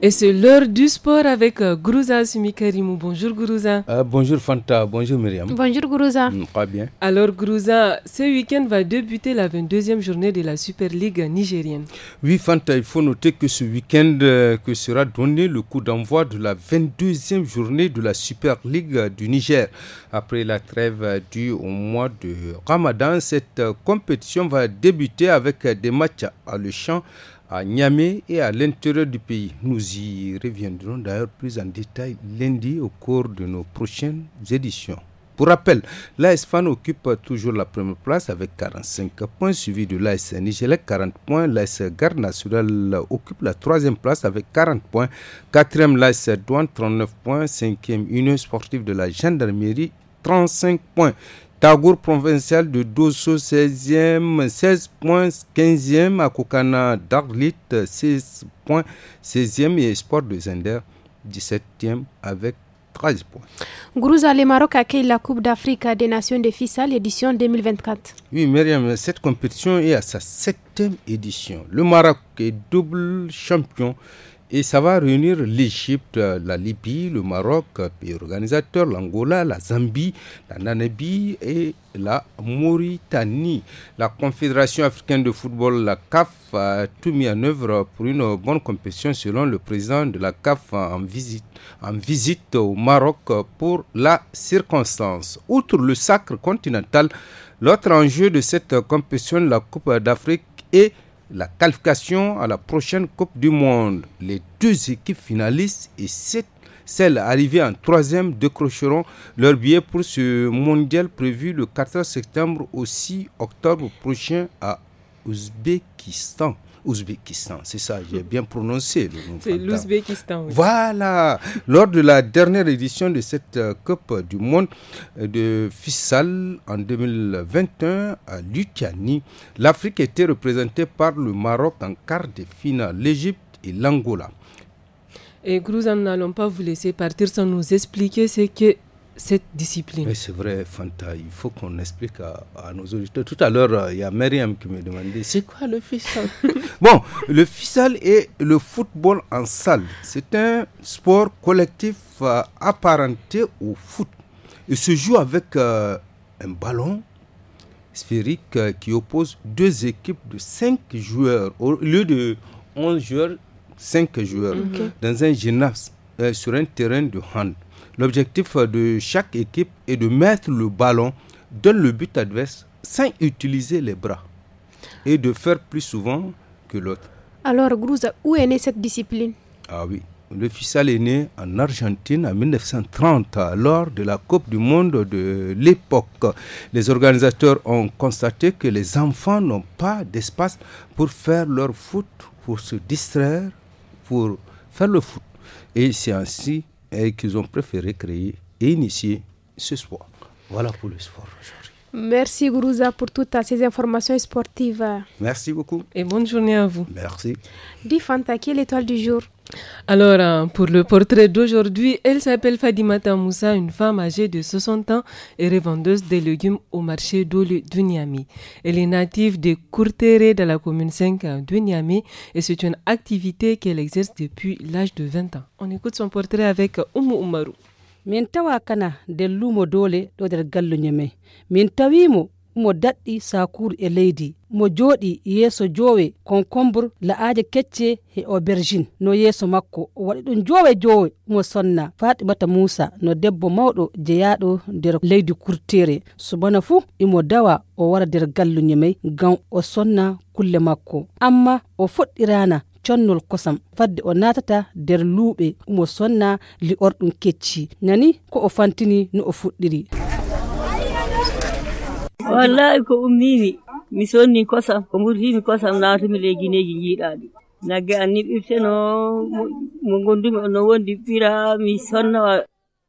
Et c'est l'heure du sport avec euh, Grouza Sumikarimou. Bonjour Grouza. Euh, bonjour Fanta, bonjour Myriam. Bonjour Grouza. très mm, bien. Alors Grouza, ce week-end va débuter la 22e journée de la Super League nigérienne. Oui Fanta, il faut noter que ce week-end euh, que sera donné le coup d'envoi de la 22e journée de la Super League du Niger. Après la trêve due au mois de Ramadan, cette compétition va débuter avec des matchs à le champ à Niamey et à l'intérieur du pays. Nous y reviendrons d'ailleurs plus en détail lundi au cours de nos prochaines éditions. Pour rappel, l'ASFAN occupe toujours la première place avec 45 points, suivi de l'AS Nigelec 40 points. L'AS Garde nationale occupe la troisième place avec 40 points. Quatrième, l'AS Douane 39 points. Cinquième, Union sportive de la gendarmerie 35 points. Tagour provincial de Dosso 16e, 16 points, 16.15e, Akokana Darlit 16 e et Sport de Zender 17e avec 13 points. Grouza le Maroc accueille la Coupe d'Afrique des Nations de FISA, l'édition 2024. Oui, Myriam, cette compétition est à sa 7e édition. Le Maroc est double champion et ça va réunir l'Égypte, la Libye, le Maroc, pays organisateur, l'Angola, la Zambie, la Namibie et la Mauritanie. La Confédération africaine de football, la CAF, a tout mis en œuvre pour une bonne compétition selon le président de la CAF en visite, en visite au Maroc pour la circonstance. Outre le sacre continental, l'autre enjeu de cette compétition, la Coupe d'Afrique, est la qualification à la prochaine Coupe du Monde. Les deux équipes finalistes et celles arrivées en troisième décrocheront leur billet pour ce mondial prévu le 14 septembre au 6 octobre prochain à Ouzbékistan. Ouzbékistan. C'est ça, j'ai bien prononcé le nom. C'est l'Ouzbékistan. Voilà. Lors de la dernière édition de cette euh, Coupe du Monde euh, de Fissal en 2021 à Lutiani, l'Afrique était représentée par le Maroc en quart de finale, l'Égypte et l'Angola. Et Grouzan, n'allons pas vous laisser partir sans nous expliquer ce que cette discipline. Oui, c'est vrai, Fanta. Il faut qu'on explique à, nos auditeurs. Tout à l'heure, euh, il y a Myriam qui me demandait c'est quoi le fissal? Bon, le fissal est le football en salle. C'est un sport collectif euh, apparenté au foot. Il se joue avec euh, un ballon sphérique qui oppose deux équipes de cinq joueurs. Au lieu de 11 joueurs, 5 joueurs dans un gymnase sur un terrain de hand. L'objectif de chaque équipe est de mettre le ballon dans le but adverse sans utiliser les bras et de faire plus souvent que l'autre. Alors, Grouza, où est née cette discipline Ah oui, le futsal est né en Argentine en 1930 lors de la Coupe du Monde de l'époque. Les organisateurs ont constaté que les enfants n'ont pas d'espace pour faire leur foot, pour se distraire, pour faire le foot. Et c'est ainsi et qu'ils ont préféré créer et initier ce sport. Voilà pour le sport aujourd'hui. Merci Guruza pour toutes ces informations sportives. Merci beaucoup. Et bonne journée à vous. Merci. Difanta, qui est l'étoile du jour alors, hein, pour le portrait d'aujourd'hui, elle s'appelle Fadimata Moussa, une femme âgée de 60 ans et revendeuse des légumes au marché d'Olu de Elle est native de Courterre dans la commune 5 de et c'est une activité qu'elle exerce depuis l'âge de 20 ans. On écoute son portrait avec Oumu Oumaru. min kana lumo dole gallo mo daɗɗi sakour e leydi mo jooɗi yeeso joowe konkombre la'aaje kecce he aubergine no yeeso makko o waɗi ɗum joowe joowe mo sonna fatimata moussa no debbo mawɗo jeyaaɗo nder leydi kurteere subana fuu imo dawa o wara nder gallunye may ngam o sonna kulle makko amma o fuɗɗirana connol kosam fadde o naatata nder luuɓe umo sonna li'orɗum kecci nani ko o fantini no o fuɗɗiri wallahi ko ummimi mi sonni kosam ko murtimi kosam naatumi legineji jiiɗaɗi nagge anni ɓirteno mo gonndumi onno wondi ɓira mi sonnowa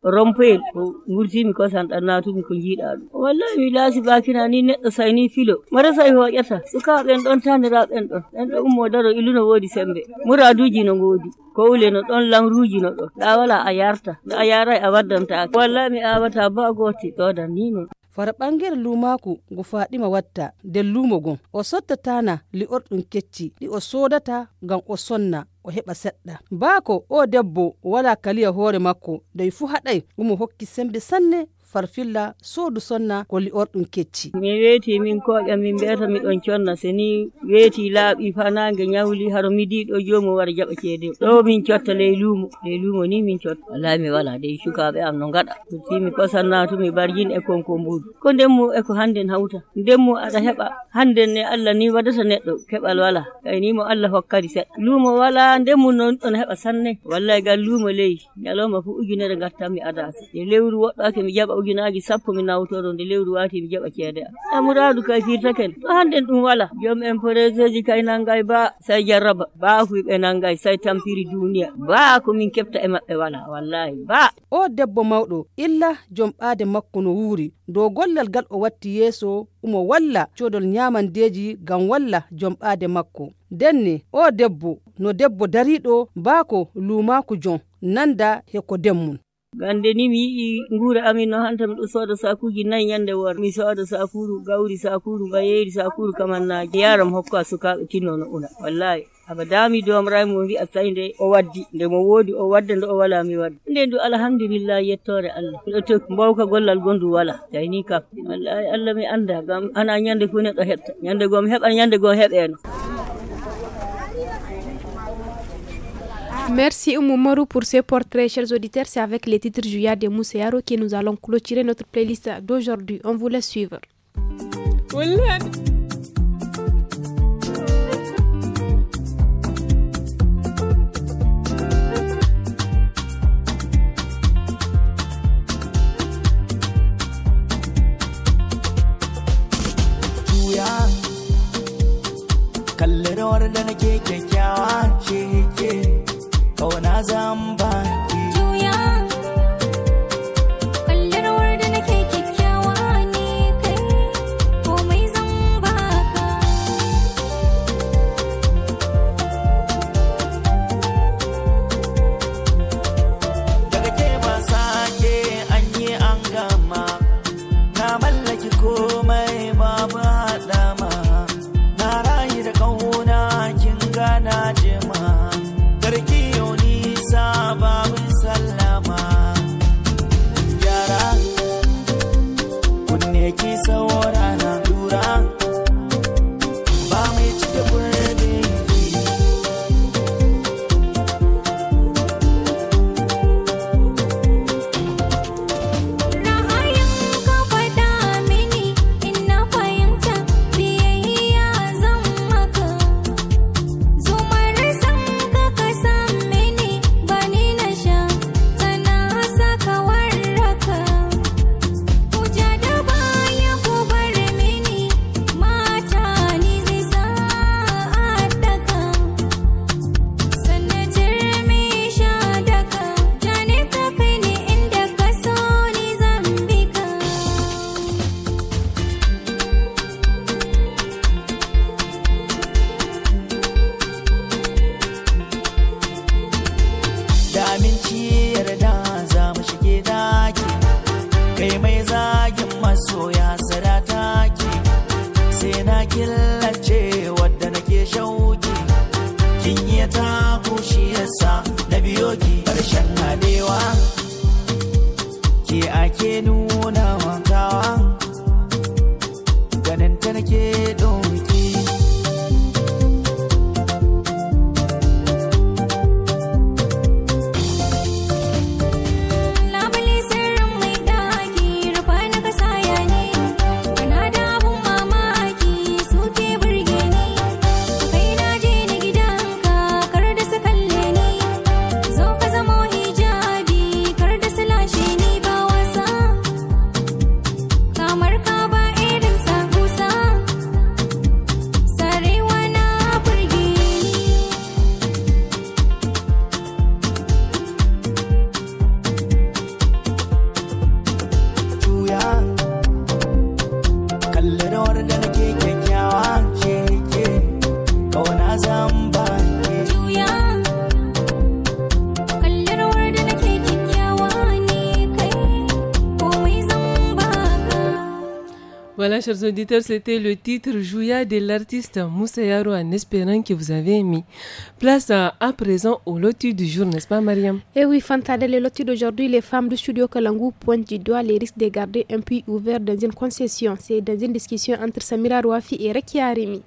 rompoyel ko gurtimi kosan ɗan natumi ko jiiɗa ɗum wallahi mi laasi bakina ni neɗɗo sayni filo mara sayi hoƴata sukaɓen ɗon taniraɓen ɗon ɗen ɗo ummo daro iluno woodi sembe muraduji no goodi kowle no ɗon lamruji no ɗo ɗa wala a yarta nde a yaray a waddantaki wallahi mi awata ba gooti ɗodan ni non fara ɓangere lumaku ngu faɗima watta nder lumo gon o sottatana li'orɗum kecci ɗi o sodata ngam o sonna o heɓa seɗɗa baako o debbo wala kaliya hoore makko dowi fuu haɗay omo hokki sembe sanne farfilla sodu sonna or ɗum kecci mi weeti min koƴa min mbiyata miɗon conna ni weeti laaɓi fanange ñawli haro diɗo jomum wara jaɓa ceede ɗo min cotta ley luumo ley luumo ni min cotta wallay mi wala dey sukaɓe am no gaɗa mi kosan mi barjin e konko mbudu ko ndemmu e ko hannden hawta ndemmu aɗa heɓa hannden ne allah ni waɗata neɗɗo keɓal wala kaynimo allah hokkari seɗɗa luumo wala ndemmu noon ɗon heɓa sanne wallay gal luumo ley ñalowma fo ujunere mi adasa e lewru woɗɗake mi jaɓa ujunaji sappo mi nawtoro nde lewru waati mi jaɓa ceede am amuradu kay firtaken to hannden ɗum wala joom emprese ji kay nangay ba say jarraba baafuɓe nangay say tampiri duniya baa ko min keɓta e maɓɓe wala wallahi baa o debbo mawɗo illa joom ɓaade makko no wuuri dow gollal ngal o watti yeeso umo walla codol nyamandeji ngam walla ɓaade makko denne o debbo no debbo dariɗo baako lumaku jon nanda heko demmum gande ni mi yiɗi nguura amin no hanta miɗo sooda sakuji nayi yande war mi sooda sakuru gawri sakuru bayeri sakuru kamannaji yaram hokka sukaɓe tinnono una wallahi aba dami domrayi mo wi'a tawi nde o waddi nde mo woodi o wadda nde o wala mi wadda nden du alhamdulillah yettore allah miɗo tokki mbawka gollal gondu wala tayni kam wallahi allah mi anda gam ana ñande fo neɗɗo hepta ñande gom heɓa ñande gom heɓeno Merci Oumoumorou pour ce portrait, chers auditeurs. C'est avec les titres julia de Mousséaro que nous allons clôturer notre playlist d'aujourd'hui. On vous laisse suivre. ƙauna zan ba chers auditeurs, c'était le titre Jouya de l'artiste Moussa en espérant que vous avez aimé. Place à, présent au lotus du jour, n'est-ce pas, Mariam Eh oui, fantale, le lotus d'aujourd'hui, les femmes du studio Kalangu pointent du doigt les risques de garder un puits ouvert dans une concession. C'est dans une discussion entre Samira Rouafi et Rekia Arimi.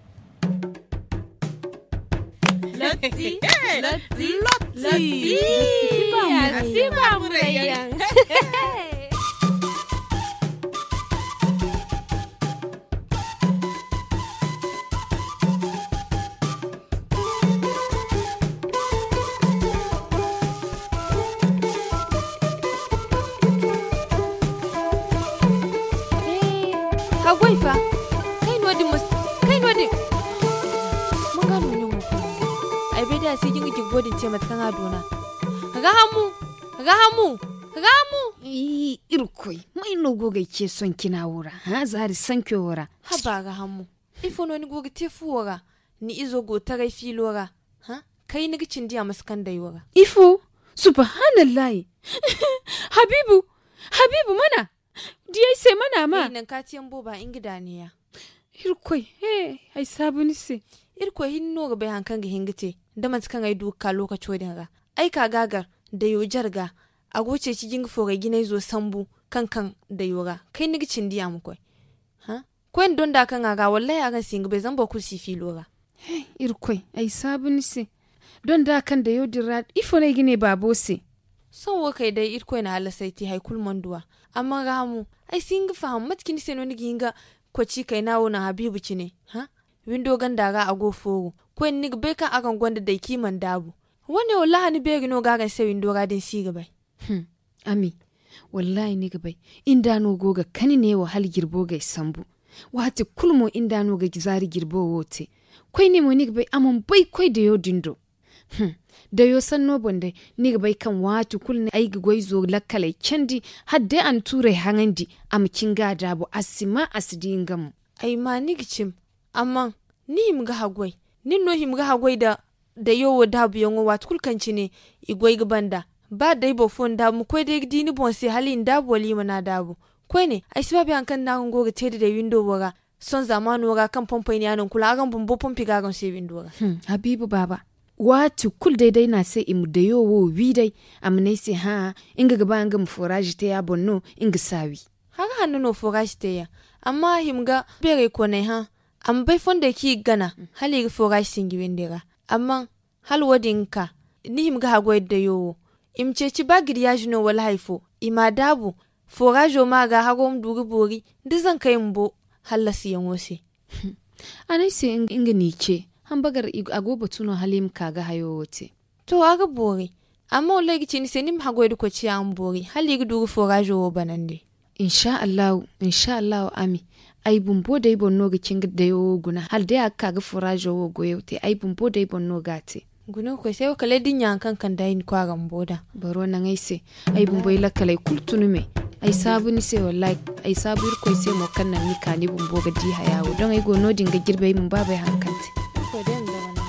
wallahi sai kin ki godin ce mata kana dona ga hamu ga hamu ga hamu irkoi mai no goga ke son kina wura ha zari san ke wura ha ba ga hamu ifo no ni goga te fuwara ni izo go tarai filora ha kai ni gicin diya maskan da yora ifo subhanallahi habibu habibu mana Diya sai mana ma nan katiyan boba in gida ne ya irkoi he ai sabuni se irkoi hinno ga bai hankan ga hingite da man kan ai duka lokaci din ga ai ka gagar da yo jarga a goce ci jing foga gina zo sambu kan kan da yoga kai ni gicin diya mu koi ha kwen don da kan ga wallahi a kan singa bai zan ba ku si filo ga ir irkoi ai sabun si don da kan da yo dira ifo ne gine babo si son wo kai dai irkoi na halasaiti haikul manduwa amma ga mu ai singa faham matkin senoni ginga ci kai nawo na habibu ne ha windo ganda ga ago fogo kwen nik beka akan gwanda da kiman dabu wani wallahi ni beri no gagan sewin gadin si gabai hmm. ami wallahi ni gabai inda no goga kani ne wa hal girbo ga sambu wati kulmo inda no ga gizari girbo wote kwai ne mo ni gabai amon bai kwai da yo dindo hmm. da yo san no bonde ni gabai kan wati kulne ai ga goizo lakale kendi hadde an ture hangandi am kinga dabu asima asidin gamu ai ma ni gicim amma ni im ga hagwai nin no himga ha goida da yo da bu yongo wat kulkanci ne goiga banda ba dai bo fon da mu koi dai dini bon se halin da dabu mana na da bu ne ai siba an kan na ngo ga tede da window wora son zamanu wora kan pompo ni anan kula agan bon pompi ga gan se window wora hmm, habibu baba watu kul dai na sai imu da wo wi dai amne se ha inga gaba anga mu forage te ya bonno inga sawi haka hannu no forage te ya amma himga bere ko ne ha amma bai fonda ki gana hali foga singi wendera amma hal wadinka ni him ga hago da yo im ceci ba giryaji jino wal haifo ima dabu jo ma ga hago mu duri bori da zan kai mbo halasi siyan wose anai se inga ni ce han bagar agoba tuno halim ga hayo wote to aga bori amma wala gici ni se nim hago da ko ci an bori hali ga duri fora jo banande insha Allah insha Allah ami ay bumbo day bonno ga cinga o guna hal day akka ga furaje wo goyo te ay bumbo day bonno gati guna ko sai kale din yan kan dayin kwa gamboda baro na ngai se ay bumbo ila kale kultunu me ay sabu ni se wallahi ay sabu ko sai mo kan nan ni kani bumbo ga di hayawo don ai gono dinga girbe mun babai hankanti ko den da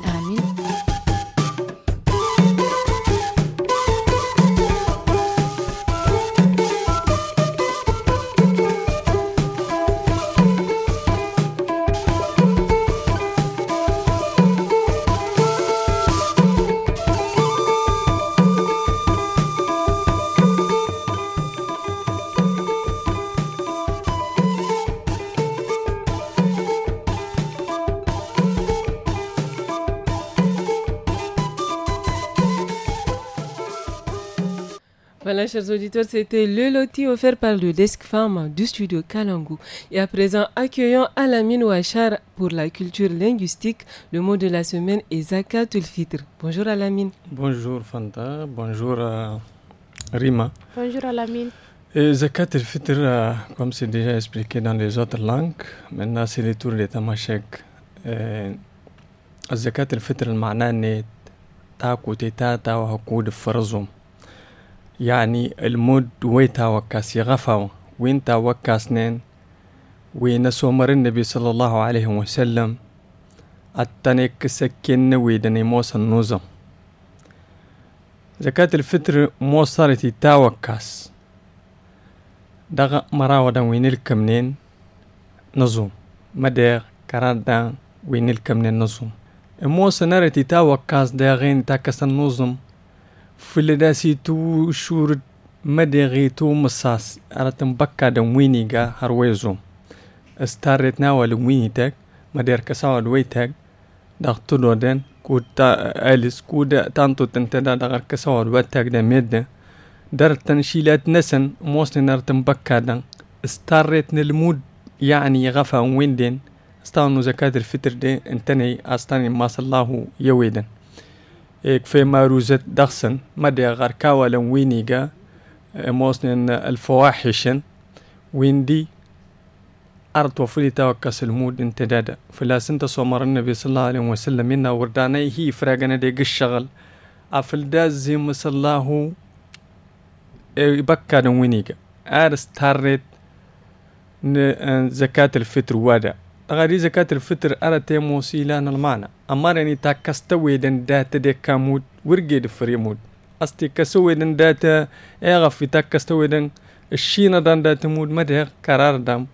chers auditeurs, c'était le loti offert par le Desk Femme du studio Kalangu. Et à présent, accueillons Alamine Ouachar pour la culture linguistique. Le mot de la semaine est Zakatulfitr. Bonjour Alamine. Bonjour Fanta, bonjour euh, Rima. Bonjour Alamine. Et euh, comme c'est déjà expliqué dans les autres langues, maintenant c'est le tour des Tamashek. Euh, Zakat fitr le côté de la de يعني المود ويتا وكاس يغفاو وينتا وكاس نين وينسو مر النبي صلى الله عليه وسلم التنك سكن ويدني موسى النوزم زكاة الفطر موصرتي تا وكاس دغ مراودا وين الكمنين نظم مدير كرادا وين الكمنين نظم الموسى نرتي تا وكاس داغين تاكس النظم filidasitu shuri madegitu misas aratin bakka da wini ga har wezo starret na wal wini tag mader kasa wal wai tag da tudoden ku ta alis ku da tanto tantada da gar kasa wal wai tag da medde dar tanshilات نسن موصل نرتم بكا دن استارت نلمود يعني غفا ويندين استانو زكاة الفطر دي انتني استاني ما صلاه يويدن كفي ما روزت دخسن مدى غركاوة لن وينيغا موسنين الفواحشن ويندي أرض وفلي توكس المود انتدادا فلا سنت صومر النبي صلى الله عليه وسلم إنا ورداني هي فراغنا دي الشغل أفل دازي الله بكا نوينيغا أرس تارت زكاة الفطر وادا غادي زكاة الفطر أرى تيمو سيلان المعنى أما راني تا كستوي دن داتا دي كامود ورقي دفريمود أستي كسوي دن داتا إيغا تا كستوي دن الشينا دان داتا مود مدهغ قرار دام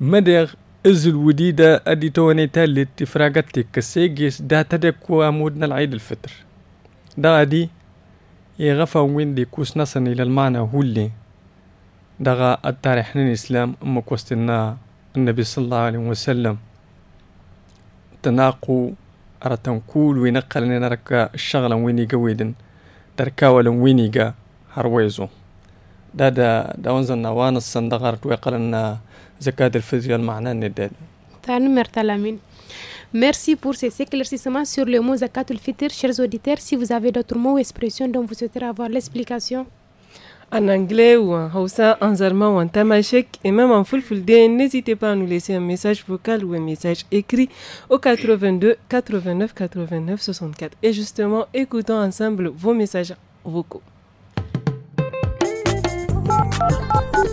مدهغ إز الوديدة أدي توني تالي تفراغتي كسيجيس داتا دي كوا مودنا العيد الفطر دا غادي يغفا وين دي كوس نصني للمعنى هولي دغا التاريخ إسلام أما كوستنا النبي صلى الله عليه وسلم تناقو أرى تنكول وينقل لنا ركا الشغلة ويني قويدن دركاولا وينيقا هرويزو دا دا دا داونزا نوان الصندغر ويقلنا زكاة الفيزياء المعنى نداد تانمر تلامين Merci pour ces éclaircissements sur le mot Zakatul Fitr. Chers auditeurs, si vous avez d'autres mots ou expressions dont vous souhaitez avoir l'explication, en anglais ou en hausa, en zarma ou en tamashek et même en fulfulde, n'hésitez pas à nous laisser un message vocal ou un message écrit au 82 89 89 64. Et justement, écoutons ensemble vos messages vocaux.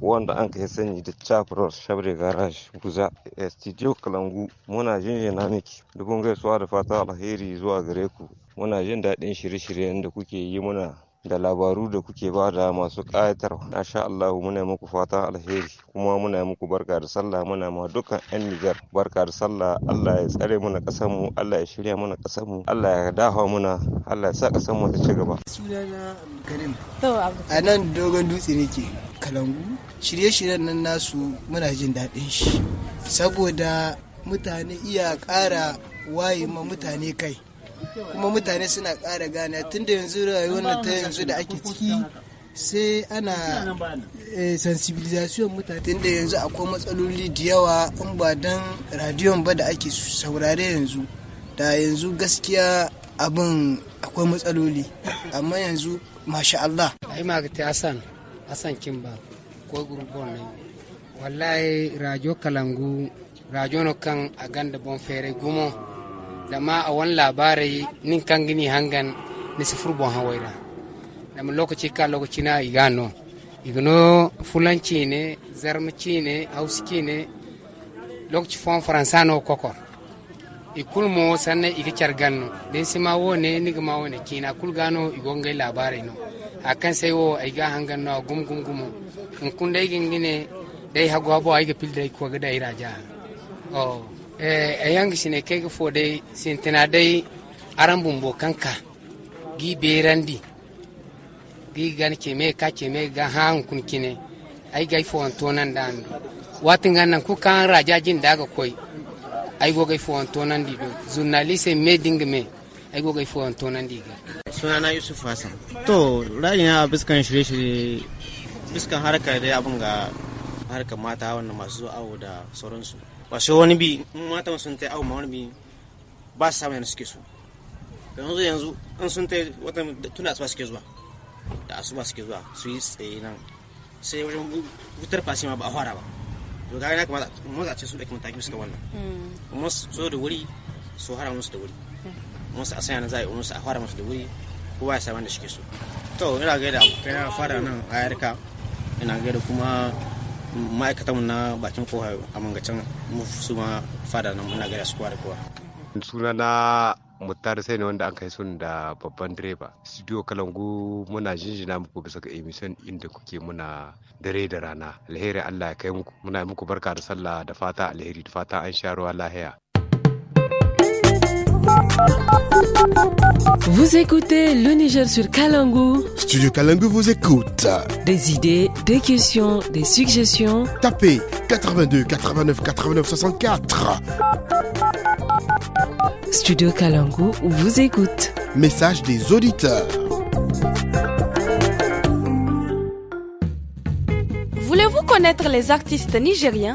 wanda an kai sani da chapros shabre garage guza eh, studio kalangu muna jin jinjina miki dukun gaisuwa da fata alheri zuwa gare ku muna jin daɗin shirye-shiryen da kuke yi muna da labaru da kuke ba da masu ƙayatar sha Allah muna muku fatan alheri kuma muna muku barka da sallah muna ma dukkan yan Nijar barka da sallah Allah ya tsare muna ƙasar mu Allah ya shirya muna ƙasar mu Allah ya dafa muna Allah ya sa ƙasar mu ta ci gaba sunana Karim a nan dogon dutse nake kalangu shirye-shiryen nan nasu muna jin daɗin shi saboda mutane iya ƙara waye ma mutane kai kuma mutane suna ƙara gane tunda yanzu rayuwar na ta yanzu da ake ciki sai ana eh, sensibilization mutane tunda yanzu akwai matsaloli da yawa in ba dan radiyon ba da ake saurare yanzu da yanzu gaskiya abin akwai matsaloli amma yanzu masha Allah ai magata Hassan Hassan Kimba ko gurgun ne wallahi rajo kalangu rajo no kan a ganda bon fere gumo dama a wani labarai nin kan gini hangan ni su furbo hawaira dama lokaci ka lokaci na igano igano fulanci ne zarmaci ne hauski ne lokaci fon faransa no kokor ikul mo sanne iga carganno den ma wo ne ni ma wo ne kina kul gano gongai labarai no akan sai wo ga hangan no gum gum gumo in kun dai gingine dai hago habo aiga pildai ko ga dai raja oh e eh, yang sine kege fode sintina dai aran bumbo kanka gi berandi gi gan keme ka keme ga han kun kine ai gai fo antonan da ando watin nan ku kan raja jin daga koi ai go gai fo tonan di do journaliste me ding me ai go gai fo tonan di ga sunana yusuf hasan to ra'ayina a biskan shirye-shirye biskan harka dai abin ga harkar mata wannan masu zuwa awo da sauransu wasu wani bi mata sun ta awo ma wani bi ba su samu yana suke so yanzu yanzu in sun ta wata tuna asuba suke zuwa da asuba suke zuwa su yi tsaye nan sai wajen wutar fasi ma ba a fara ba to ga ya kamata mu zace ce su dauki mataki suka wannan mm. kuma so da wuri su fara musu da wuri musu a sanya na za a yi musu a fara musu da wuri kowa ya samu da suke so to ina gaida kai na fara nan a yarka ina da kuma ma'aikatanmu na bakin koha a mangacin su ma fada nan muna gaya su kowa da kowa suna na mutar sai ne wanda an kai sun da babban direba studio kalangu muna jinjina muku bisa ga emission inda kuke muna dare da rana alheri allah ya kai muku muna muku barka da sallah da fata alheri da fata an sha ruwa lahiya Vous écoutez le Niger sur Kalangu. Studio Kalangu vous écoute. Des idées, des questions, des suggestions. Tapez 82 89 89 64. Studio Kalangu vous écoute. Message des auditeurs. Voulez-vous connaître les artistes nigériens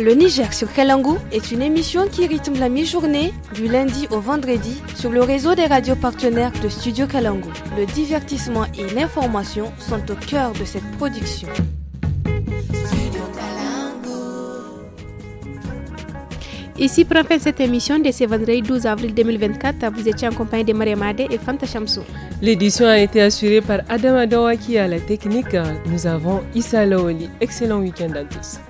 Le Niger sur Kalangu est une émission qui rythme la mi-journée du lundi au vendredi sur le réseau des radios partenaires de Studio Kalangu. Le divertissement et l'information sont au cœur de cette production. Ici prend fin cette émission de ce vendredi 12 avril 2024. Vous étiez en compagnie de Maria Made et Fanta Chamsou. L'édition a été assurée par Adam Adawaki à la technique. Nous avons Issa Laoli. Excellent week-end à tous.